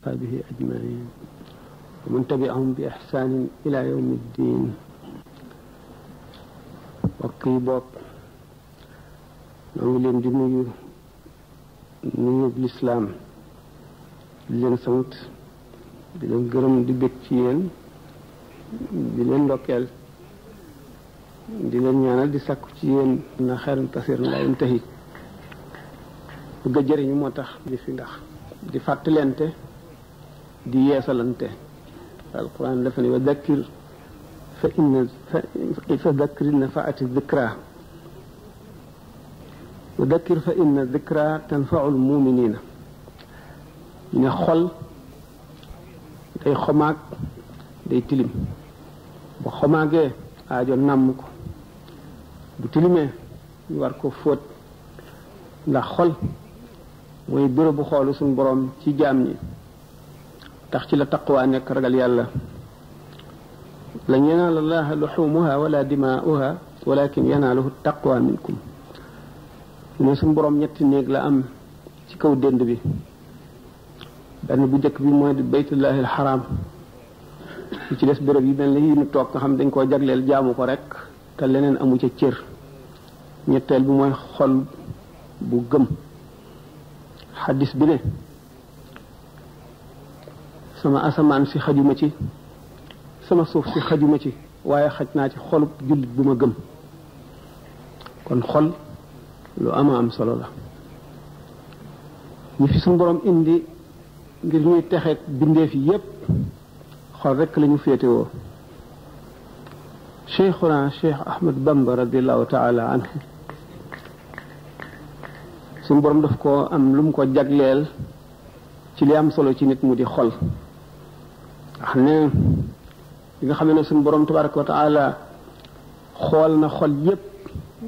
أصحابه أجمعين ومن تبعهم بإحسان إلى يوم الدين وقيبط نعول الدنيا نيو بالإسلام بلين سنت بلين قرم دي بكتين بلين لوكيل بلين يانا دي ساكتين نخير انتصير الله ينتهي بجري في دي فندخ دي في تهي دي يصل انتهى القرآن لفني وذكر فإن فذكر نفعت الذكرى وذكر فإن الذكرى تنفع المؤمنين ñu ne xol day xomaag day tilim bu xomaagee aajo nàmm ko bu tilimee ñu war ko fóot ndax xol mooy bérébu xoolu suñ borom ci jaam ñi tax ci la taqwa nekk ragal yàlla lan yanaal allaha luxumuha wala dimaauha walakin yanaaluhu taqwa minkum ne suñu borom ñetti néeg la am ci kaw dënd bi benn bu njëkk bi mooy baytullahi alxaram li ci des bërëb yi mel ni ñu toog nga xam dañ koo jagleel jaamu ko rek te leneen amu ci cër ñetteel bi mooy xol bu gëm xadis bi ne sama asamaan si xajuma ci sama suuf si xajuma ci waaye xaj naa ci xolub jullit bu ma gëm kon xol lu ama am solo la ñi fi suñu borom indi ngir ñuy texeek bindeef yi yépp xol rekk lañu féetewoo cheikhuna cheikh ahmad bamba radiallahu taala anhu suñu borom daf ko am lu mu ko jagleel ci li am solo ci nit mu di xol xam ne li nga xam ne suñu borom tabaraka wa taala xool na xol yépp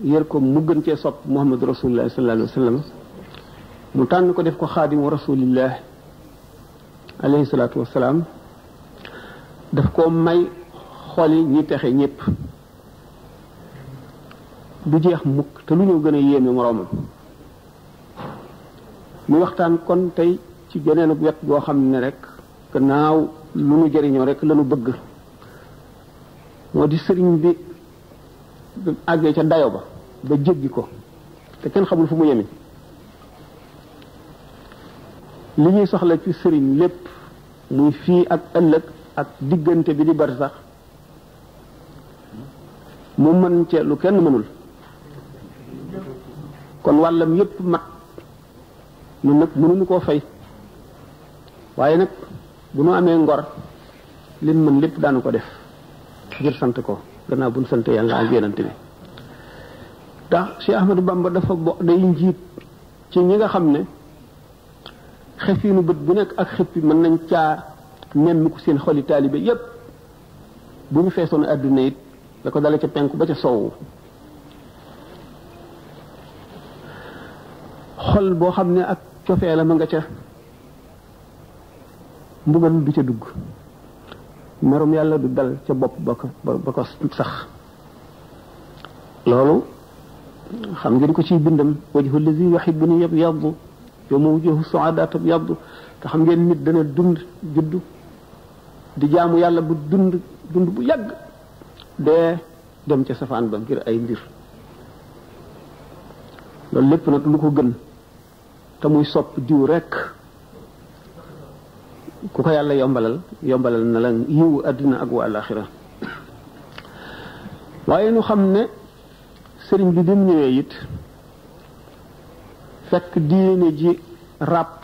yër ko mu gën cee sopp muhammadu rasulullah sallallahu mu tànn ko def ko xaadimu rasulillah alayhi salaatu wasalaam daf ko may xol yi texe ñépp du jeex mukk te lu ñu gën a yéeme moroomam mu waxtaan kon tey ci geneen wet goo xam ne rek gannaaw lu nu jëriñoo rek lanu bëgg moo di sëriñ bi àggee ca dayo ba ba jéggi ko te kenn xamul fu mu yemi li ñuy soxla ci sëriñ lépp muy fii ak ëllëg ak diggante bi di bari sax mu mën ci lu kenn mënul kon wàllam yépp mat lu nag mënuñu koo fay waaye nag bu nu amee ngor lim mën lépp daanu ko def ngir sant ko gannaaw bu nu sant yàlla ak yonent bi ndax Cheikh Ahmadou Bamba dafa bo day njiit ci ñi nga xam ne nu bët bu nekk ak xippi mën nañ caa nemmi ku seen xoli taalibe yépp bu ñu feesoon àdduna it la ko dale ca penku ba ca sowwu xol boo xam ne ak cofee la ma nga ca mbugal du ca dugg merum yàlla du dal ca bopp ba ko sax loolu xam ngeen ko ciy bindam wajhu lazi yuhibbu ni yab yabdu yow ma wujhu suadat ab yabdu te xam ngeen nit dana dund juddu di jaamu yàlla bu dund dund bu yàgg dee dem ca safaan ba ngir ay mbir loolu lépp nag lu ko gën te muy sopp diw rekk ku ko yàlla yombalal yombalal na la yiwu àddina ak wa alaxira waaye nu xam ne sëriñ bi bi ñëwee it fekk diine ji ràpp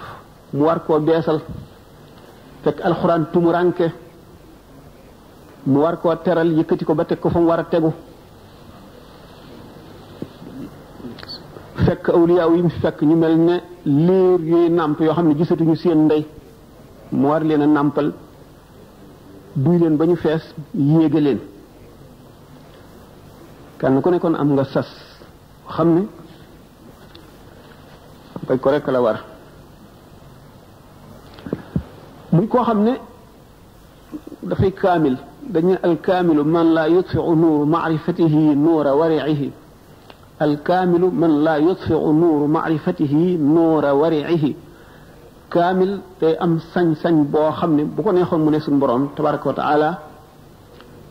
mu war koo beesal fekk alxuraan tumuraanke mu war koo teral yëkkati ko ba teg ko fa mu war a tegu fekk awliyaaw yi fekk ñu mel ne liir yuy nàmp yoo xam ne gisatuñu seen ndey mu war leen a nàmpal duy leen ba ñu fees yéege leen kenn ku nekkoon am nga sas xam ne koy ko rekk la war muy koo xam ne dafay kaamil dañu alkaamilu man laa yutfiu nuuru maarifatihi nuura wariihi alkaamilu man laa yutfiu nuuru maarifatihi nuura wariihi kaamil tey am sañ-sañ boo xam ne bu ko neexoon mu ne suñ boroom tabaraka wa taala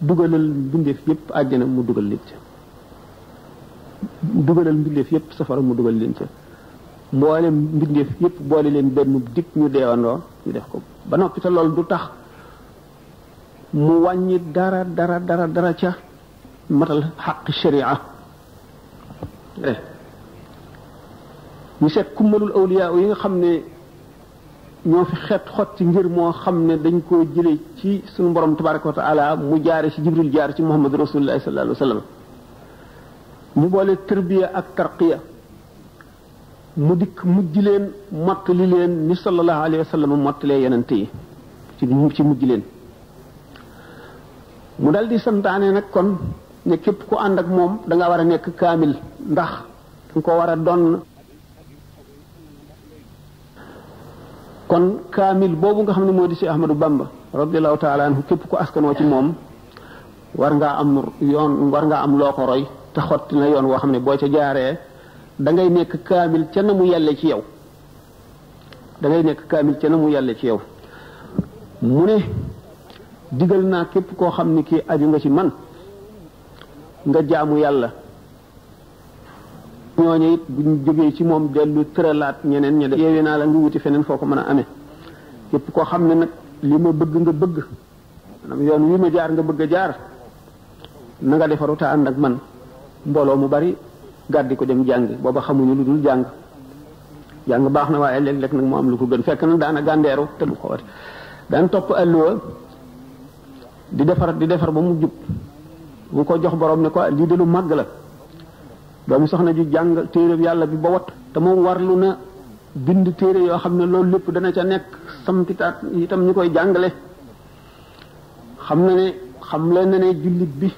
dugalal mbindeef yépp àjjana mu dugal leen ca dugalal mbindeef yépp safara mu dugal leen ca mboolem mbindeef yépp boole leen benn dikk ñu deewandoo ñu def ko ba noppi te loolu du tax mu wàññi dara dara dara dara ca matal xaq sharia eh. ñu seet kummalul awliyaa yi nga xam ne ñoo fi xeet xotti ngir moo xam ne dañ koo jële ci suñu borom tabaraka wa taala mu jaare ci jibril jaar ci muhammad rasulullahi sallallahu alayhi wa sallam mu boole tërbiya ak tarqiya mu dikk mujj leen mottali leen ni sallallahu alayhi wa sallam mottalee yi ci ci mujj leen mu dal di santaane nag kon ne képp ku ànd ak moom danga war a nekk kaamil ndax danga ko war a doon kon kaamil boobu nga xam ne moo di si Ahmadou Bamba radiallahu taala anhu képp ko askanoo ci moom war ngaa am yoon war ngaa am loo ko roy te xotti na yoon woo xam ne boo ca jaaree da ngay nekk kaamil ca na mu yàlle ci yow da nekk kaamil ca na mu yow mu ne digal naa képp koo xam ne kii aju nga ci man nga jaamu yàlla ñooñu it buñ jógee ci moom dellu tëralaat ñeneen ñe def yeewee naa la nga wuti feneen foo ko mën a amee képp koo xam ne nag li ma bëgg nga bëgg manam yoon wi ma jaar nga bëgg jaar na nga defaru ta ànd ak man mbooloo mu bari gàddi ko dem jàng booba xamuñu lu dul jàng jàng baax na waaye léeg-léeg nag mu am lu ko gën fekk nag daana gàndeeru te ko xawat daan topp alluwa di defar di defar ba mu jub bu ko jox borom ne ko lii de lu màgg la doomu soxna ji jàng téereb yàlla bi ba wat te moom warlu na bind téere yoo xam ne loolu lépp dana ca nekk sampitaat itam ñu koy jàngale xam na ne xam leen na ne jullit bi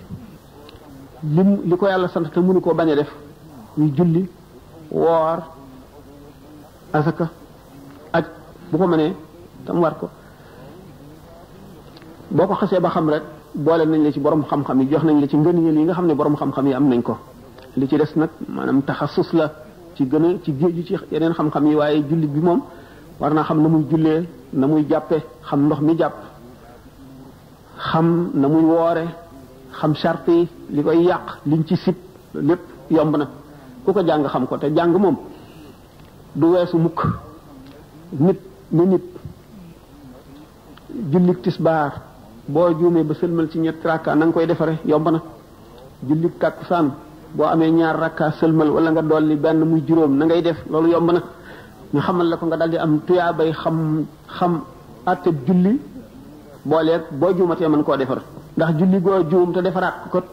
lim li ko yàlla sant te mënu koo bañ a def ñu julli woor asaka aj bu ko manee tam war ko boo ko xasee ba xam rek boole nañ la ci borom xam-xam yi jox nañ la ci ngëneel yi nga xam ne borom xam-xam yi am nañ ko li ci des nag maanaam taxasus la ci gën ci géeju ci yeneen xam-xam yi waaye jullit bi moom war naa xam na muy jullee na muy jàppe xam ndox mi jàpp xam na muy woore xam charte yi li koy yàq liñ ci sib lépp yomb na ku ko jàng xam ko te jàng moom du weesu mukk nit ni nit jullik tisbaar boo juumee ba sëlmal ci ñett rakka na koy defare yomb na jullik tàkkusaan bo amé ñaar rakka selmal wala nga dolli ben muy juroom na ngay def lolu yomb na ñu xamal la ko nga daldi am bay xam xam atte julli le bo juumatee man ko defar ndax julli go juum te defarat ko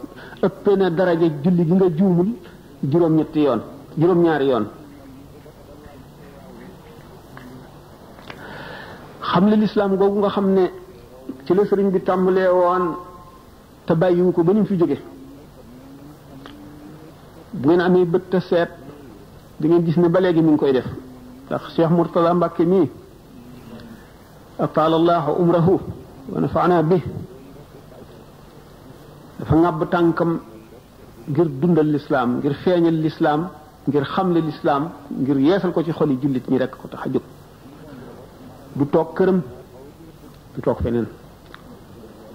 ëppee na daraja julli gi nga juumul juroom ñett yoon juroom ñaar yoon xam le l'islam googu nga xam ci le serigne bi te ko ba fi bu ngeen amee bët te seet di ngeen gis ni ba léegi mu ngi koy def ndax Cheikh Mourtada Mbacke mii ataalallahu umrahu wa nafaana bi dafa ŋàbb tànkam ngir dundal lislaam ngir feeñal lislaam ngir xam xamle lislaam ngir yeesal ko ci xoli jullit ñi rekk ko tax a jóg du toog këram du toog feneen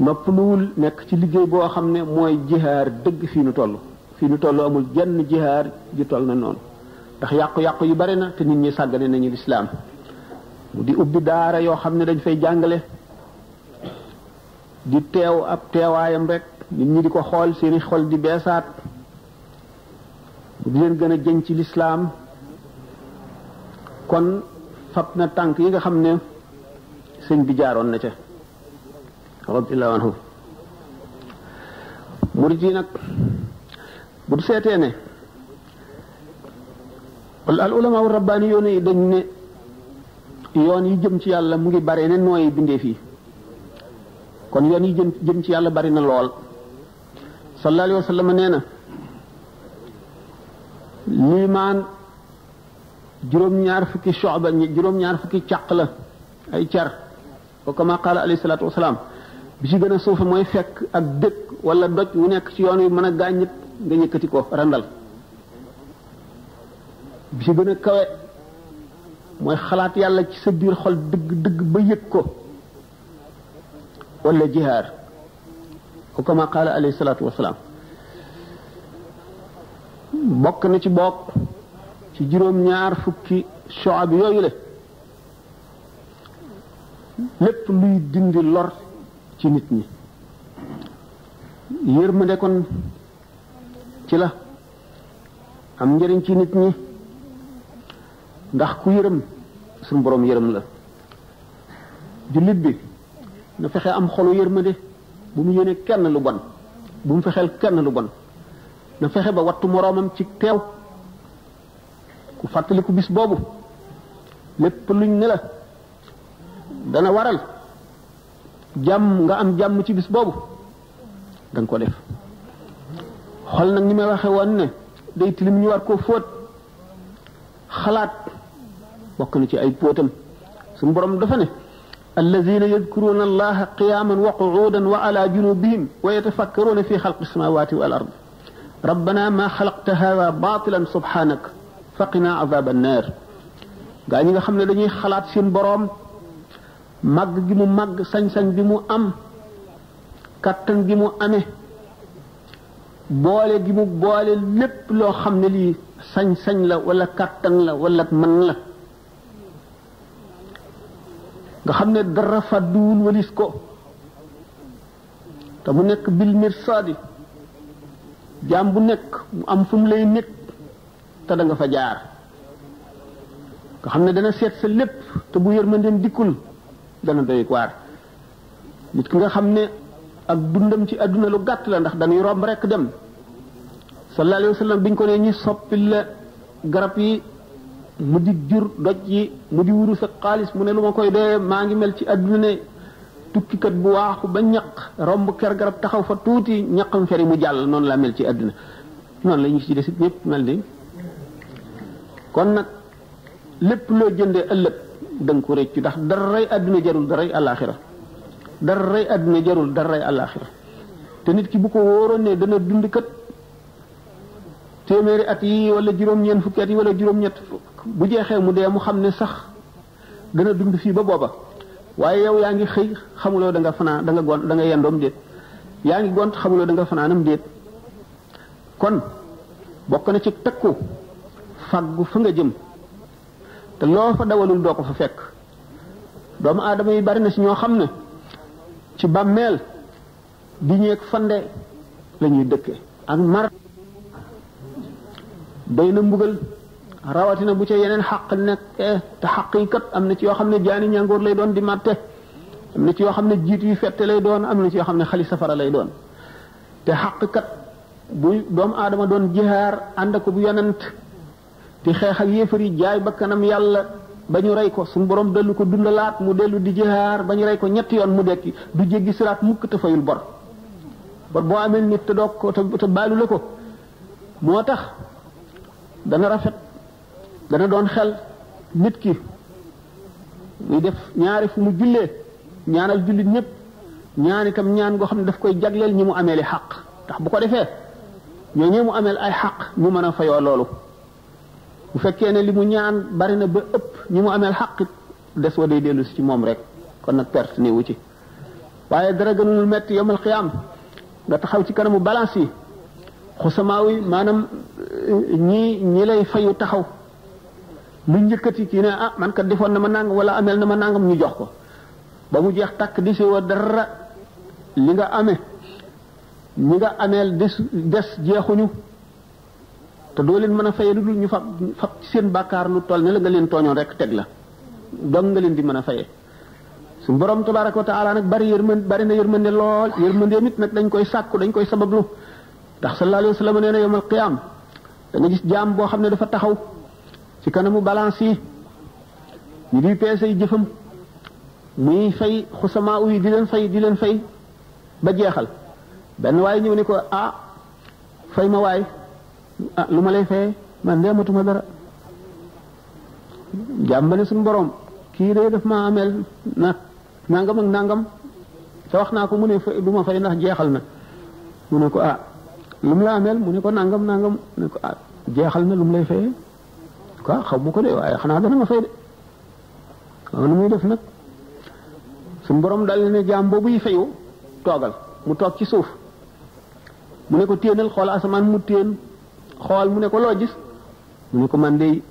noppaluwul nekk ci liggéey boo xam ne mooy jihaar dëgg fii nu toll fi lu toll amul jenn jihaar ju toll na noonu ndax yàq yàq yu bari na te nit ñi sàggane nañu lislaam mu di ubbi daara yoo xam ne dañ fay jàngale di teew ab teewaayam rek nit ñi di ko xool seeni xol di beesaat mu di leen gën a jëñ ci lislaam kon fab na tànk yi nga xam ne sëñ bi jaaroon na ca radiyallahu anhu murid yi nag bu seetee ne al ulama wa rabbaani yoon yi dañ ne yoon yi jëm ci yàlla mu ngi bare ne nooy bindee fii kon yoon yi jëm jëm ci yàlla bari na lool sallallahu alayhi wa sallam nee na liimaan juróom-ñaar fukki shoxba juróom-ñaar fukki càq la ay car wa kama qaala alayhi salaatu wasalaam bi ci gën a suufe mooy fekk ak dëkk wala doj wu nekk ci yoon yi mën a gaañ nga yëkkati ko randal bi ci gën a kawe mooy xalaat yàlla ci sa biir xol dëgg dëgg ba yëg ko wala jihaar ko kama qaala alayhi salaatu wasalaam bokk na ci bokk ci juróom-ñaar fukki shu'ab yooyu la lépp luy dindi lor ci nit ñi yërmande kon ci la am njëriñ ci nit ñi ndax ku yërëm suñu boroom yërëm la jullit bi na fexe am xolu yërmande bu mu yéene kenn lu bon bu mu fexeel kenn lu bon na fexe ba wattu moroomam ci teew ku fàttaliku bis boobu lépp luñ ne la dana waral jàmm nga am jàmm ci bis boobu danga ko def xol nag ni may waxe woon day tilim ñu war koo fóot xalaat bokk na ci ay póotam suñu borom dafa ne allazina yadkuruna allaha qiyaman wa qu'udan wa ala junubihim wa yatafakkaruna fi xalqi samawati wal ard rabbana ma xalaqta hada batilan fa faqina azab annar gaa ñi nga xam ne dañuy xalaat seen boroom màgg gi mu màgg sañ-sañ bi mu am kattan gi mu amee boole gi mu boole lépp loo xam ne lii sañ-sañ la walla kàttan la wala man la nga xam ne dara fàdduwul walis ko te mu nekk bil mirsaadi jaam bu nekk mu am fu mu lay nekk te danga fa jaar nga xam ne dana seet sa lépp te bu yërmandeem dikkul dana doy waar nit ki nga xam ne ak dundam ci àdduna lu gàtt la ndax dañuy romb rekk dem sallallahu alayhi wa sallam ko nee ñi soppil la garab yi mu di jur doj yi mu di wurus sa xaalis mu ne lu ma koy doyee maa ngi mel ci àdduna ne tukkikat bu waaxu ba ñaq romb ker garab taxaw fa tuuti ñaqam feri mu jàll noonu la mel ci àdduna noonu la ñu ci desit ñëpp mel ni kon nag lépp loo jëndee ëllëg da nga ko réccu ndax daray àdduna jarul daray àllaaxira dara rey àdduna jarul dara rey àllaaxira te nit ki bu ko wóoroon ne dana dund kat téeméeri at yi wala juróom-ñeent fukki at yi wala juróom-ñett bu jeexee mu dee mu xam ne sax dana dund fii ba booba waaye yow yaa ngi xëy xamuloo da nga fanaan da nga gont da nga yendoom déet yaa ngi gont xamuloo da nga fanaanam déet kon bokk na ci takku fàggu fa nga jëm te loo fa dawalul doo ko fa fekk doomu aadama yi bari na si ñoo xam ne ci bàmmeel di ñeeg fande la ñuy dëkke ak mar bay na mbugal rawatina bu ca yeneen xaq nekkee te xaq yi kat am na ci yoo xam ne jaani ñàngoor lay doon di màtte am na ci yoo xam ne jiit yu fette lay doon am na ci yoo xam ne xali safara lay doon te xaq kat bu doomu aadama doon jihaar ànd ko bu yonent di xeex ak yéefar yi jaay bakkanam yàlla ba ñu rey ko su borom dellu ko dundalaat mu dellu di jihaar ba ñu rey ko ñetti yoon mu dekki du jéggi siraat mukk te fayul bor bor boo amee nit te doog ko te balu la ko moo tax dana rafet dana doon xel nit ki muy def ñaari fu mu jullee ñaanal jullit ñëpp ñaan itam ñaan goo xam ne daf koy jagleel ñi mu ameel i xaq ndax bu ko defee ñoo ñee mu ameel ay xaq ñu mën a fayoo loolu bu fekkee ne li mu ñaan bari na ba ëpp ñi mu amel xàq des wa day dellu ci moom rek kon nag perte wu ci waaye dara gënul metti yomal xiyaam nga taxaw ci kanamu balance yi xusamaaw yi maanaam eh, ñi ñi lay fayu taxaw lu njëkkati ci ne ah man kat defoon na ma wala amel na ma nangam ñu jox ko ba mu jeex tàkk di wa dara li nga amee ñi nga amel des des jeexuñu te doo leen mën a faye lu dul ñu fab fab ci seen bàkkaar lu toll ne la nga leen tooñoon rek teg la dong nga leen di mën a faye su borom tabaraka wa taala nag bari yërmande bari na yërmande lool yërmande it nag dañ koy sàkku dañ koy sabablu ndax sallallahu alayhi wa sallam nee na yowmal qiyaam da nga gis jaam boo xam ne dafa taxaw ci kanamu balance yi ñu di peese yi jëfam muy fay xusamaa yi di leen fay di leen fay ba jeexal benn waaye ñëw ne ko ah fay ah fe, lay fay man de amatuma dara jàmbane sun borom ki re def ma amel na nangam ak nangam sa waxna ko mu ne duma fay nak jeexal na mu ko ah lum la amel mu ko nangam nangam mu ne ko ah jeexal na lum lay fay ko xam ko de way xana dana ma fay de on nu muy def nak sun borom dal ne jam fayu togal mu tok ci suuf ko xol mu xool mu ne ko loo gis mu ne ko man de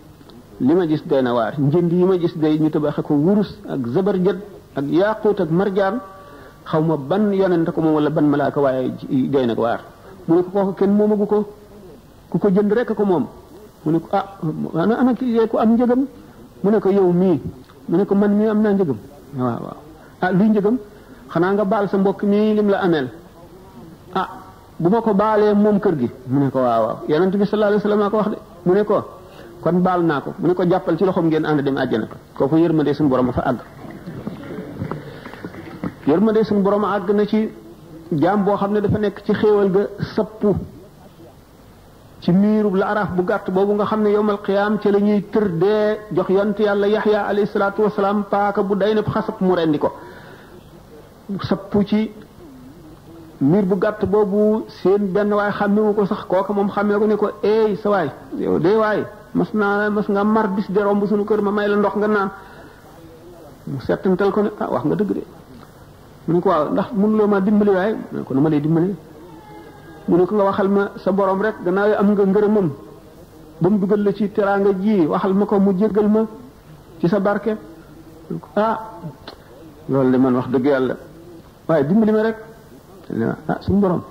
li ma gis doy na waar njënd yi ma gis day ñu tabaxe ko wurus ak zabarjad ak yaaquut ak marjaan xaw ma ban yonente ko moom wala ban malaaka waaye doy na ko waar mu ne ko kooku kenn moomagu ko ku ko jënd rek ko moom mu ne ko ah ana ki ko am njëgam mu ne ko yow mii mu ne ko man mii am naa njëgam waaw waaw ah luy njëgam xanaa nga baal sa mbokk mii lim la ameel ah, bu ma ko baalee moom kër gi mu ne ko waaw waaw yonente bi sallallahu alayhi wasallam ko wax de mu ne ko kon baal naa ko mu ne ko jàppal ci loxom ngeen ànd dem àjjana kooku yërmande sun borom fa àgg yërmande sun borom àgg na ci jaam boo xam ne dafa nekk ci xéewal ga sappu ci miirub la araf bu gàtt boobu nga xam yowmal qiyaam ci la ñuy tër jox yont yàlla yaxya alayhi salaatu wasalaam paaka bu dayna xasab mu rendi ko ci mir bu gatt bobu seen ben way xàmmewu ko sax koko mom xàmmee ko ne ko ey sa way yow way mas mas nga mar bis de rombu sunu keur ma may la ndox nga nan mu setantal ko ne ah wax nga deug de mu ne ko waaw ndax mun lo ma dimbali way mu ne ko nu ma lay dimbali mu ne ko nga waxal ma sa borom rek gannaaw am nga ngërëmam bam duggal la ci teranga ji waxal mako mu jegal ma ci sa barke ah loh leman man wax deug yalla waaye dimbali ma rek ne ah suñu borom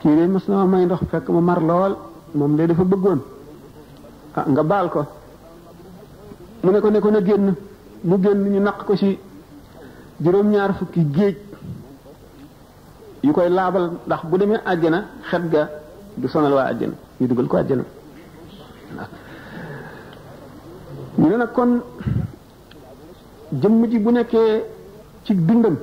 kii de mos na ma may ndox fekk ma mar lool moom de dafa bëggoon ah nga baal ko mu ne ko ne ko génn mu génn ñu naq ko ci juróom-ñaar fukki géej yu koy laabal ndax bu demee àjjana xet ga du sonal waa àjjana ñu dugal ko àjjana ñu ne nag kon jëmm ji bu nekkee ci dundam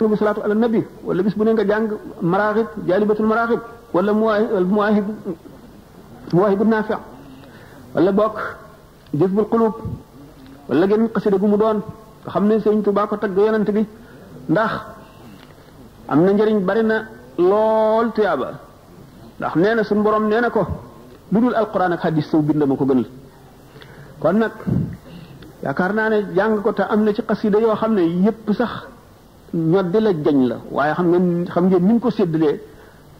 bi salaatu ala nabi wala bis bu ne nga jàng maraaxib jaalibatul maraaxib wala muwaahib muwaahibu naafi wala bokk jëfbul xulub wala genn xasida gu mu doon nga xam ne sëñ Tuubaa ko tagg yonent bi ndax am na njëriñ bari na lool tuyaaba ndax nee na suñu borom nee na ko lu dul alquran ak hadis saw bind ma ko gënal kon nag yaakaar naa ne jàng ko te am na ci xasida yoo xam ne yépp sax ñoddi la jañ la waaye xam nga ni xam ngeen ni mu ko séddalee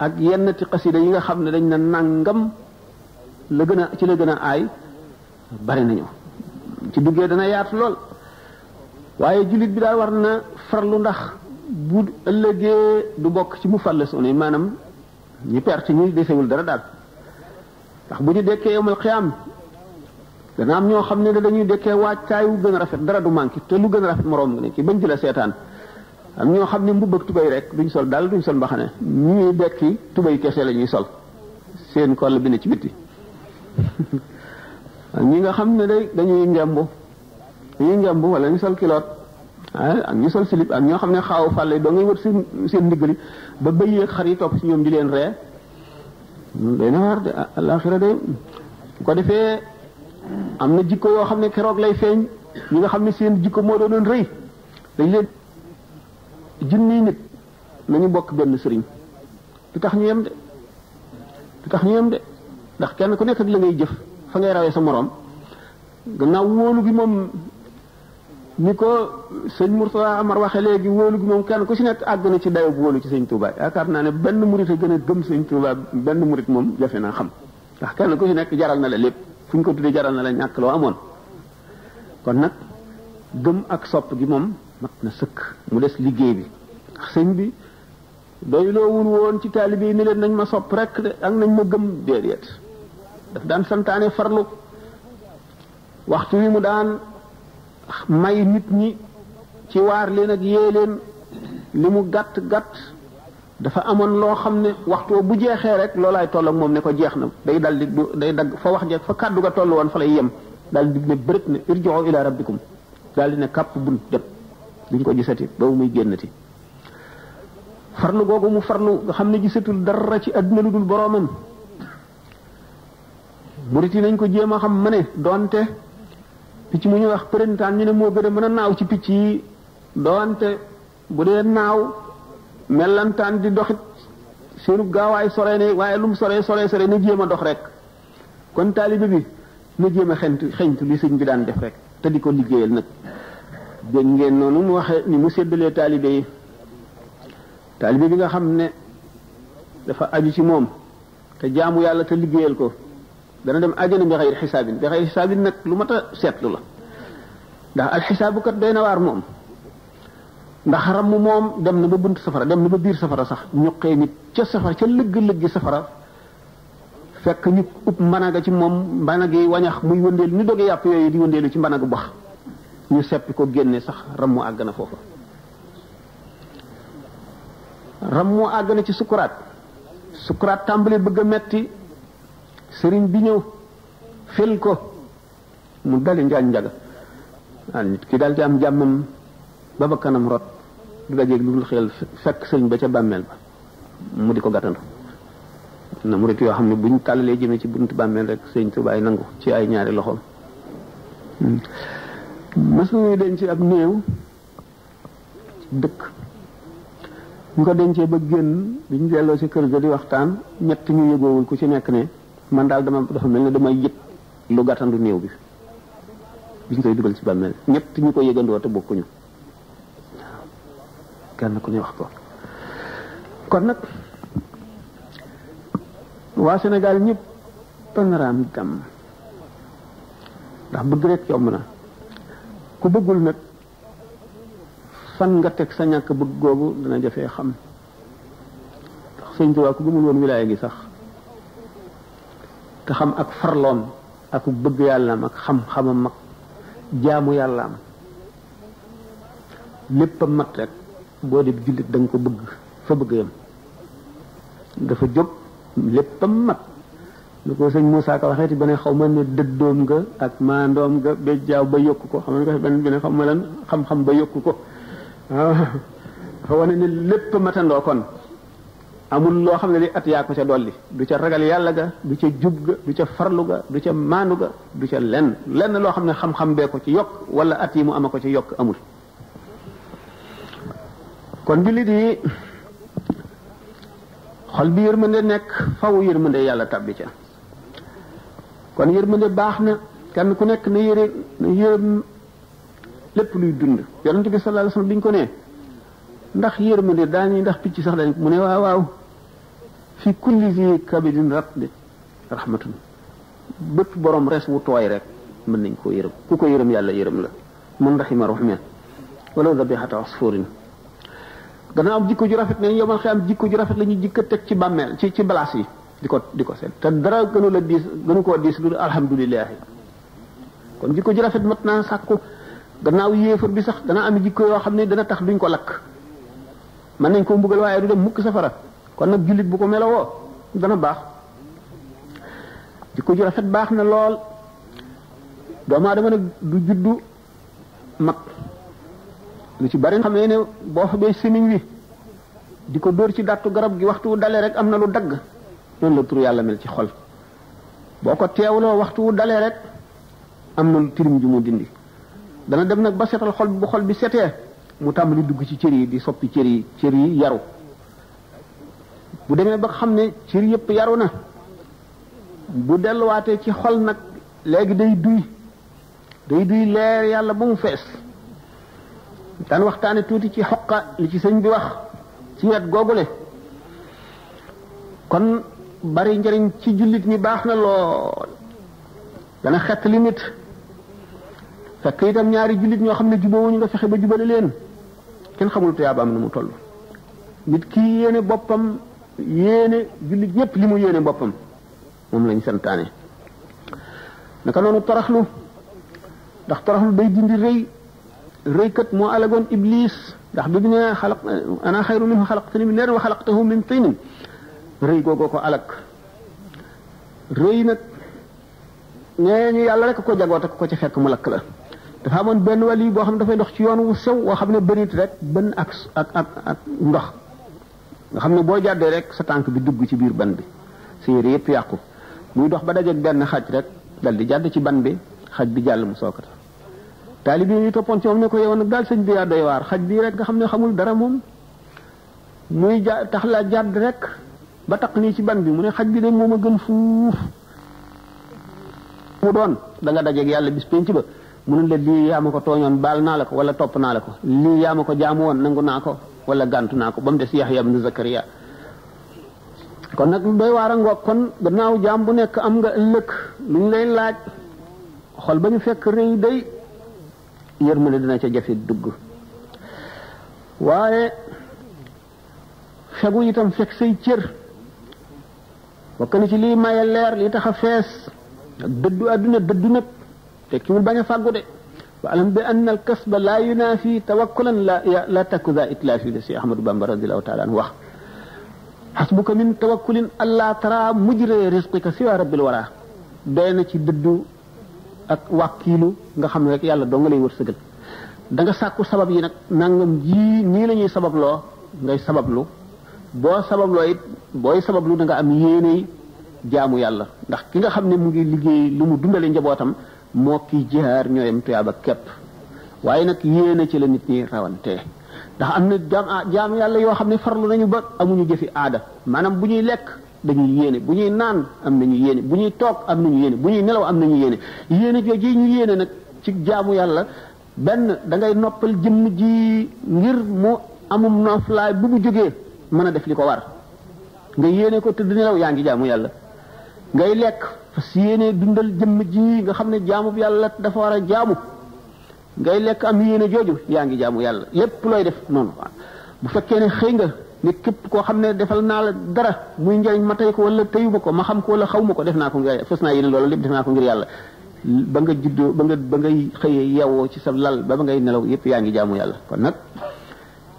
ak yenn ti xasida yi nga xam ne dañ na nangam la gën a ci la gën a ay bari nañu ci duggee dana yaatu lool waaye jullit bi daal war na farlu ndax bu ëllëgee du bokk ci mu yi maanaam ñi perte ñi desewul dara daal ndax bu ñu dekkee yowmal xiyaam dana am ñoo xam ne dañuy dekkee waajtaay wu gën a rafet dara du manqué te lu gën a rafet moroom ne ci bañ ci la seetaan am ñoo xam ne mbubb ak tubay rek duñ sol daal duñ sol mbaxane ñii dekki tubay kese la ñuy sol seen kol bi ne ci biti ñi nga xam ne day dañuy ngemb dañuy ngemb wala ñu sol kiloot ak ah, ñu sol silip ak ñoo xam ne xaw fàlle doo ngay wër seen seen ndiggali ba bëy ak xar yi topp ci ñoom di leen ree day na war de alaxira ah, day bu ko defee am na jikko yoo xam ne keroog lay feeñ ñi nga xam ne seen jikko moo doonoon rëy dañ junni nit nañu bokk benn sëriñ du tax ñu yem de du tax ñu yem de ndax kenn ku nekk ak la ngay jëf fa ngay rawee sa moroom gannaaw wóolu gi moom ni ko sëñ Mourtada Amar waxe léegi wóolu gi moom kenn ku si nekk àgg na ci dayoob wóolu ci sëñ Touba yaakaar naa ne benn murit a gën a gëm sëñ Touba benn murit moom jafe naa xam ndax kenn ku si nekk jaral na la lépp fu ñu ko tuddee jaral na la ñàkk loo amoon kon nag gëm ak sopp gi moom mat na sëkk mu des liggéey bi sëñ bi doyloo wul woon ci taalibe yi ni leen nañ ma sopp rek de ak nañ ma gëm déedéet daf daan santaane farlu waxtu wi mu daan may nit ñi ci waar leen ak yee leen li mu gàtt gàtt dafa amoon loo xam ne waxtu bu jeexee rek loolaay toll ak moom ne ko jeex na day dal di day dagg fa wax jeex fa kàddu ga toll woon fa lay yem daal di ne bërët ne irji'u ila rabbikum dal di ne kàpp bunt jot duñ ko gisati boobu muy génnati farlu googu mu farlu nga xam ne gisatul dara ci àdduna lu dul boroomam murit yi nañ ko jéem a xam ma ne doonte picc mu ñuy wax përintaan ñu ne moo gën a mën a naaw ci picc yi doonte bu dee naaw mellantaan di doxit seenu gaawaay sore ne waaye lu mu sore sore sore na jéem a dox rek kon taalibe bi na jéem a xent xeñtu li sëñ bi daan def rek te di ko liggéeyal nag dégg ngeen noonu mu waxe ni mu seddalee taalibe yi taalibe bi nga xam ne dafa aju ci moom te jaamu yàlla te liggéeyal ko dana dem àjjana bi xayri xisaabin bi xayri xisaabin nag lu mat a seetlu la ndax alxisaabu kat doy na waar moom ndax ram moom dem na ba bunt safara dem na ba biir safara sax ñuqee nit ca safara ca lëgg-lëggi safara fekk ñu ub managa ci moom mbanagi wañax muy wëndeel ni doge yàpp yooyu di wëndeelu ci mbanagu bax ñu seppi ko génne sax ramu àgg na foofa rammu àgg na ci sukuraat sukuraat tàmbali bëgg metti sëriñ bi ñëw fil ko mu dali njaañ njaga ah, nit ki dal di am jàmmam ba ba kanam rot du dajeeg lu dul xel fekk sëriñ ba ca bàmmeel ba mu di ko gàttandu na mu rek yoo xam ne buñ tàllalee jëmee ci bunt bàmmeel rek sëriñ tubaay nangu ci ay ñaari loxoom hmm. bés bu ñuy denc ab néew dëkk ñu ko dencee ba génn bi ñu delloo ci kër ga di waxtaan ñett ñu yëgoowul ku ci nekk ne man daal dama dafa mel ne dama yëg lu gàttandu néew bi bi ñu koy dugal ci bàmmeel ñett ñu ko yëgandoo te bokkuñu kenn ku ñu wax ko kon nag waa Sénégal ñëpp panorama gàmm ndax bëgg rek yomb na ku bëggul nag fan nga teg sa ñàkk bëgg googu dana jafee xam ndax sëñ tubaa ku gëmul woon wilaaya gi sax te xam ak farloom ak bëgg yàllaam ak xam xam mag jaamu yàllaam lépp a mat rek boo di jullit da ko bëgg fa bëgg yam dafa jóg lépp mat lu ko sëñ Moussa Ka waxeeti ba ne xaw ma ne dëddoom nga ak maandoom nga ba jaaw ba yokk ko xam nga benn bi ne xaw ma lan xam ba yokk ko wane ne lépp matandoo kon amul loo xam ne li at yaa ko ca dolli du ca ragal yàlla ga du ca jub ga du ca farlu ga du ca maandu ga du ca lenn lenn loo xam ne xam-xam bee ko ci yokk wala at yi mu ama ko ci yokk amul kon jullit yi xol bi yërmande nekk faw yërmande yàlla tabbi ca kon yërmande baax na kenn ku nekk na yëre na yërëm lépp luy dund yonent bi sallallahu alayhi wasallam bi ñu ko nee ndax yërmande ñuy ndax picc sax dañ mu ne waaw waaw fi kulli zi kabidin ratbi rahmatun bépp borom res wu tooy rek mën nañ koo yërëm ku ko yërëm yàlla yërëm la mun rahima rahman wala dabihata dana am jikko ju rafet ne yomal xiyam jikko ju rafet la ñu jikka teg ci bàmmeel ci ci balaas yi di ko di te dara gënu la dis gënu ko dis lu alhamdullilah kon jikko ji rafet matna sakku gannaaw yéefar bi sax dana am jikko yo xam dana tax duñ ko lak man nañ ko mbugal waye du dem mukk safara kon nak julit bu ko melawoo dana bax jikko ji rafet bax na do ma dama nak du juddu mak lu ci bari xamee ne boo xamee wi diko door ci dàttu garab gi waxtu dalé rek amna lu dagg noonu la tur yàlla mel ci xol boo ko teewloo waxtu wu dalee rek am na lu tirim ju mu dindi dana dem nag ba setal xol bi bu xol bi setee mu tàmbali dugg ci cër yi di soppi cër yi cër yi yaru bu demee ba xam ne cër yëpp yaru na bu delluwaatee ci xol nag léegi day duy day duy leer yàlla ba mu fees daan waxtaane tuuti ci xoqa li ci sëñ bi wax ci wet googule kon bari njariñ ci jullit ñi baax na lool dana xet li nit fekk ñaari jullit ñoo xam ne ñu nga fexe ba jubale leen kenn xamul tuyaaba am na mu toll nit ki yéene boppam yéene jullit ñépp li mu boppam moom lañ santaane naka noonu toroxlu ndax toroxlu day dindi rëy rëykat moo alagoon iblis ndax bi mu ne xalaq ana xayru minhu xalaqtani min naar wa xalaqtahu min tinin reuy gogo ko alak reuy nak neñu yalla rek ko jago tak ko ci fekk mu lak la dafa amoon ben wali boo xam fay dox ci yoon wu sew wo xamne ne rek ben ak ak ak ndox nga xamne bo jadde rek sa tank bi dugg ci bir ban bi sa yére yakku muy dox ba dajje ben xaj rek dal di jadd ci ban bi xaj bi jall mu sokata taalib yi topon ci ne ko yow nak dal señ bi ya doy war xaj bi rek nga xamne xamul dara mom muy ja tax la jadd rek ba taq nii ci ban bi mu ne xaj bi de moom a gën fuuf mu doon da nga yàlla bis penc ba mu ne la lii yaa ko tooñoon baal naa la ko wala topp naa ko lii yaa ko jaamu woon nangu naa ko wala gàntu naa ko ba mu des Yaxya ibnu Zakariya kon nag doy waar a ngoog kon gannaaw jaam bu nekk am nga ëllëg mu ñu laaj xol ba ñu fekk rëy day yërmande dina ca jafe dugg waaye fegu itam fekk say cër bokk na ci lii maye leer lii tax a fees ak dëddu àdduna dëddu nag tekkiwul bañ a fàggu de wa alam bi anna al kasba laa yunaafi tawakkulan la la takku za itlaafi la si ahmadou bamba radiallahu taala anhu wax xasbuka min tawakkulin allaa tara mujree risqika siwa rabbil wara doy na ci dëddu ak wàkkiilu nga xam ne rek yàlla doo nga lay wërsëgal da nga sàkku sabab yi nag nangam ji nii la ñuy sababloo ngay sabablu bo sabab loo it booy sabab lu nga am yene jaamu yalla ndax ki nga xamne ne mu ngi liggey lu mu dundale njabotam mo ki jihaar ñooyam tuyaba kep waye nak yene ci la nit ñi rawante ndax am na jam jaam ah, yàlla yoo xam ne farlu nañu ba amuñu jëfi aada manam buñuy lek dañuy yene buñuy bunyi naan am nañu yene buñuy tok am nañu yene buñuy nelaw am nañu yene yéene jooju ñu yene nak ci jaamu yalla Ben da ngay noppal jëm ji ngir mu amum noflaay bu bu jógee mën a def li ko war nga yéene ko tëdd nelaw yaa ngi jaamu yàlla ngay lekk si yéene dundal jëmm ji nga xam ne jaamu bi yàlla dafa war a jaamu ngay lekk am yéene jooju yaa ngi jaamu yàlla lépp looy def noonu fekkee ne xëy nga ne képp koo xam ne defal naa la dara muy njëriñ ma tey ko wala teyuma ko ma xam ko wala xaw ma ko def naa ko ngir fas naa yéene loolu lépp def ko ngir yàlla ba nga juddoo ba nga ba ngay xëyee yeewoo ci sa lal ba ba ngay nelaw yépp yaa ngi jaamu yàlla kon nag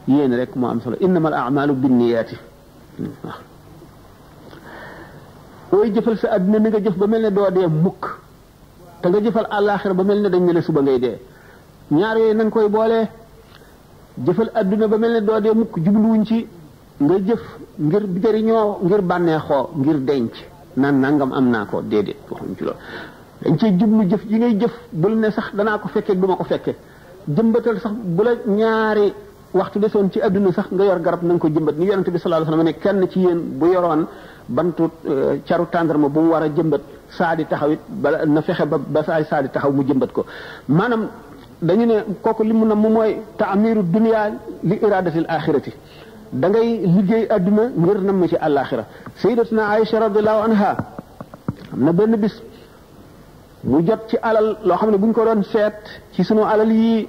yéene rek moo am solo innamal a'maalu binniyaati waaw booy jëfal sa àddina ni jëf ba mel ne doo dee mukk te nga jëfal àllaaxira ba mel ne dañ ne la suba ngay dee ñaar yooyu na koy boole jëfal àdduna ba mel ne doo dee mukk jubluwuñ ci nga jëf ngir jëriñoo ngir bànneexoo ngir denc nan nangam am naa ko déedéet waxuñ ci jublu jëf yi ngay jëf bul ne sax danaa ko fekkee duma ko fekkee jëmbatal sax bu ñaari waxtu desoon ci adduna sax nga yor garab na nga ko jëmbat ni yonente bi sallallahu alayhi wasallam ne kenn ci yéen bu yoroon bantu euh, caru tàndarma bu mu war a jëmbat saa di taxaw it bala na fexe ba ba saa di taxaw mu jëmbat ko maanaam dañu ne kooku li mu na mu mooy taamiru dunia li iradatil axirati da ngay liggéey adduna ngir namm ci àllaaxira sayyidatuna Aïcha radiyallahu anha am na benn bis mu jot ci alal loo xam ne buñ ko doon seet ci sunu alal yi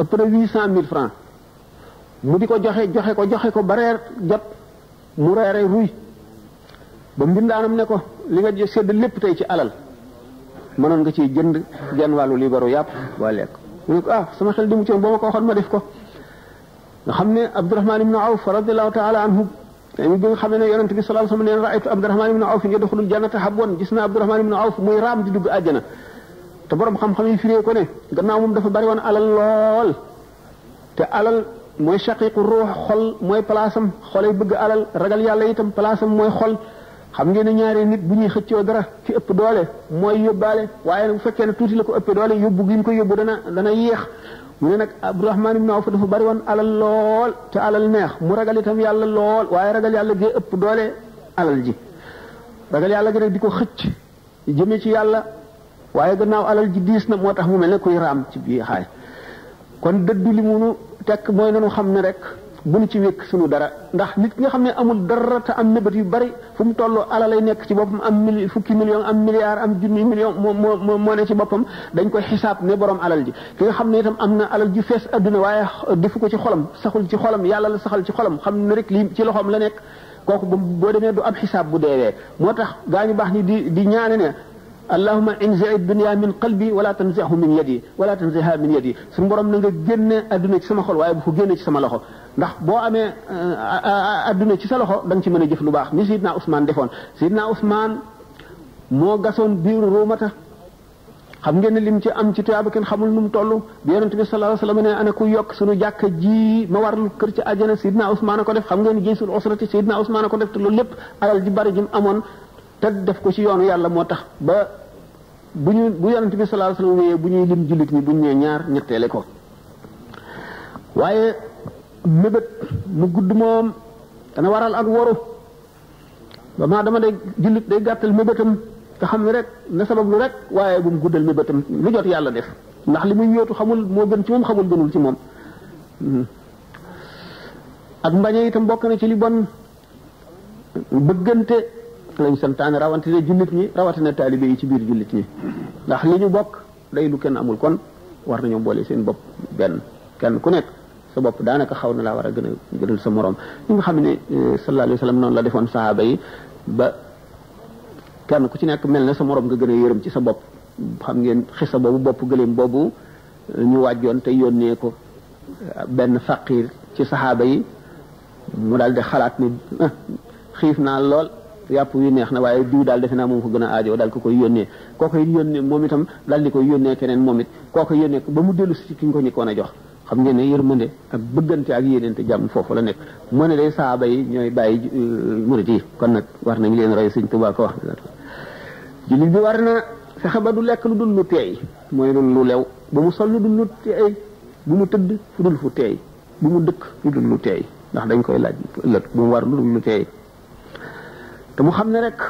ëpp na mille francs mu di ko joxe joxe ko joxe ko ba reer jot mu reere ruy ba mbindaanam ne ko li nga sedd lépp tey ci alal ma mënoon nga ciy jënd genn wàllu libaru yàpp waa lekk mu ne ko ah sama xel di mu ci boo ma ko waxoon ma def ko nga xam ne Abdurahmaan ibnu Awf radiallahu taala anhu te bi nga xam ne yonente bi sallallahu alayhi wa sallam neen raaytu Abdurahmaan ibnu Awf yadxulul jannata habwan gis naa Abdurahmaan ibnu Awf muy raam di dugg àjjana te borom xam-xam yi firee ko ne gannaaw moom dafa bari woon alal lool te alal mooy shaqiqu ruux xol mooy palaasam xolay bëgg alal ragal yàlla itam palaasam mooy xol xam ngeen ne ñaari nit bu ñuy xëccoo dara ci ëpp doole mooy yóbbaale waaye nag bu fekkee ne tuuti la ko ëppee doole yóbbu gi mu ko yóbbu dana dana yéex mu ne nag Abdurahmaan ibn Awf dafa bari woon alal lool te alal neex mu ragal itam yàlla lool waaye ragal yàlla gee ëpp doole alal ji ragal yàlla gi nag di ko xëcc jëmee ci yàlla waaye gannaaw alal ji diis na moo tax mu mel ne kuy raam ci biir tekk mooy nanu xam ne rek bu nu ci wékk sunu dara ndax nit ki nga xam ne amul dara te am nëbët yu bari fu mu toll ala lay nekk ci boppam am mil fukki million am milliard am junni million moo moo moo ne ci boppam dañ koy xisaab ne borom alal ji ki nga xam ne itam am na alal ji fees adduna waaye defu ko ci xolam saxul ci xolam yàlla la saxal ci xolam xam ne rek lii ci loxoom la nekk kooku boo demee du am xisaab bu deewee moo tax gaa ñu baax ni di di ñaane ne allahuma inzi dunia min qalbi wala tanzihu min yadi wala tanziha min yadi suñu borom na nga génne adduna ci sama xol waaye bu ko génne ci sama loxo ndax boo amee euh, adduna ci sa loxo da ci mën a jëf lu baax ni Sidna Ousmane defoon Sidna Ousmane moo gasoon biiru ruumata xam ngeen ne lim ci am ci tuyaaba kenn xamul nu mu toll bi yonente bi sallallahu alayhi wasallam ne ana ku yokk suñu jàkka ji ma warlu kër ci àjjana Sidna Ousmane a ko def xam ngeen jaysul usrati Sidna Ousmane a ko def te loolu lépp alal ji bari te def ko ci yoonu yàlla moo tax ba bu ñu bu yonent bi sallallahu alayhi bu ñuy lim jullit ñi bu ñu nee ñaar ñetteele ko waaye mébét mu gudd moom dana waral ak waru dama day jullit day gàttal mébétam te xam ne rek na sabab lu rek waaye bu mu guddal mébétam lu jot yàlla def ndax li muy yóotu xamul moo gën ci moom xamul gënul ci moom hmm. ak mbañe itam bokk na ci li bon bëggante seen lañ santaane rawatina jullit ñi rawatina taalibe yi ci biir jullit ñi ndax li ñu bokk day lu kenn amul kon war nañoo boole seen bopp benn kenn ku nekk sa bopp daanaka xaw na laa war a gën sa morom ñi xam ne eh, sallallahu alayhi noonu la defoon sahaaba yi ba kenn ku ci nekk mel na sa moroom nga gën a yërëm ci sa bopp xam ngeen xisa boobu bopp gëléem boobu eh, ñu wàjjoon te yónnee ko eh, benn faqir ci sahaaba yi mu daal di xalaat ni xiif naa lool yàpp yu neex na waaye diw daal defe naa moom ko gën a aajoo daal ko koy yónnee kooko it yónnee moom itam daal di koy yónnee keneen moom it kooko yónnee ba mu dellu si ki ñu ko a jox xam ngeen ne yërmande ak bëggante ak yéeneente jàmm foofu la nekk mu ne day saaba yi ñooy bàyyi euh, murit kon nag war nañu leen roy sëñ Tuubaa ko wax jullit bi na fexe ba du lekk lu dul lu teey mooy lu lu lew ba mu sol lu dul lu teey bu mu tëdd fu dul bu mu dëkk lu dul ndax dañ koy laaj ëllëg bu mu war lu dul lu teey te mu xam ne rek